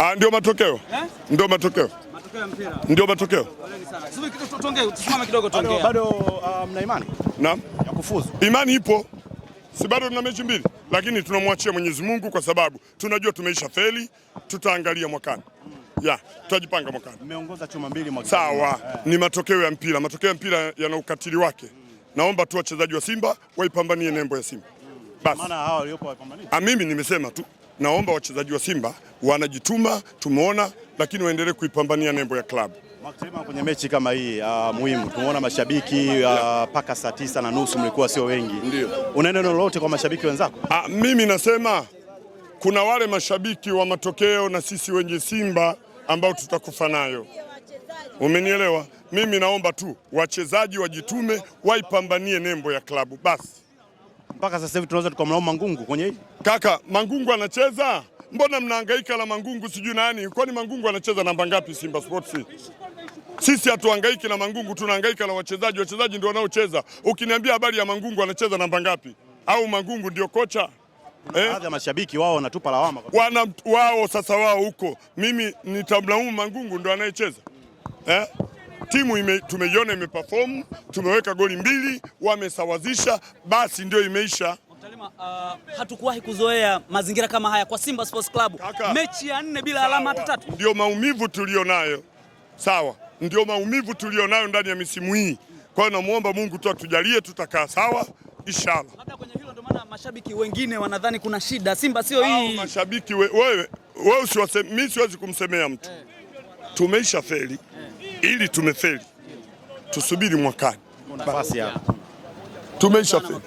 Ah, ndio matokeo, eh? ndio matokeo, ndio matokeo. Bado ah, mna imani? Naam, ya kufuzu. Imani ipo, si bado tuna mechi mbili, lakini tunamwachia Mwenyezi Mungu kwa sababu tunajua tumeisha feli, tutaangalia mwakani ya tutajipanga mwaka. Mmeongoza chuma mbili mwaka. Sawa, eh. ni matokeo ya mpira. Matokeo ya mpira yana ukatili wake. Naomba tu wachezaji wa Simba waipambanie nembo ya Simba basi. Maana hao waliopo waipambanie. Ah, mimi nimesema tu naomba wachezaji wa Simba wanajituma, tumeona lakini waendelee kuipambania nembo ya klabu Mwakitema kwenye mechi kama hii uh, muhimu tumeona mashabiki ah, mpaka uh, saa tisa na nusu mlikuwa sio wengi. Ndio. Una neno lolote kwa mashabiki wenzako? Ah, mimi nasema kuna wale mashabiki wa matokeo na sisi wenye Simba ambayo tutakufa nayo. Umenielewa? Mimi naomba tu wachezaji wajitume, waipambanie nembo ya klabu basi. Mpaka sasa hivi tunaweza tukamlaumu Mangungu kwenye hii kaka. Mangungu anacheza, mbona mnahangaika la Mangungu sijui nani? Kwani Mangungu anacheza namba ngapi Simba Sports? Sisi hatuhangaiki na Mangungu, tunahangaika la wachezaji. Wachezaji ndio wanaocheza. Ukiniambia habari ya Mangungu anacheza namba ngapi, au Mangungu ndio kocha eh? Baadhi ya mashabiki wao wanatupa lawama wana wao sasa wao huko, mimi nitamlaumu Mangungu ndo anayecheza eh? Timu ime, tumeiona imeperform, tumeweka goli mbili, wamesawazisha, basi ndio imeisha. Uh, hatukuwahi kuzoea mazingira kama haya kwa Simba Sports Club. Kaka, mechi ya nne bila sawa, alama hata tatu ndio maumivu nayo sawa, ndio maumivu nayo ndani ya misimu hii. Kwa hiyo namwomba Mungu tu atujalie, tutakaa sawa inshallah mashabiki wengine wanadhani kuna shida Simba sio hii. Mashabiki wewe wewe usiwaseme, mimi siwezi kumsemea mtu eh. Tumeisha feli eh. Ili tumefeli tusubiri mwakani, tumeisha feli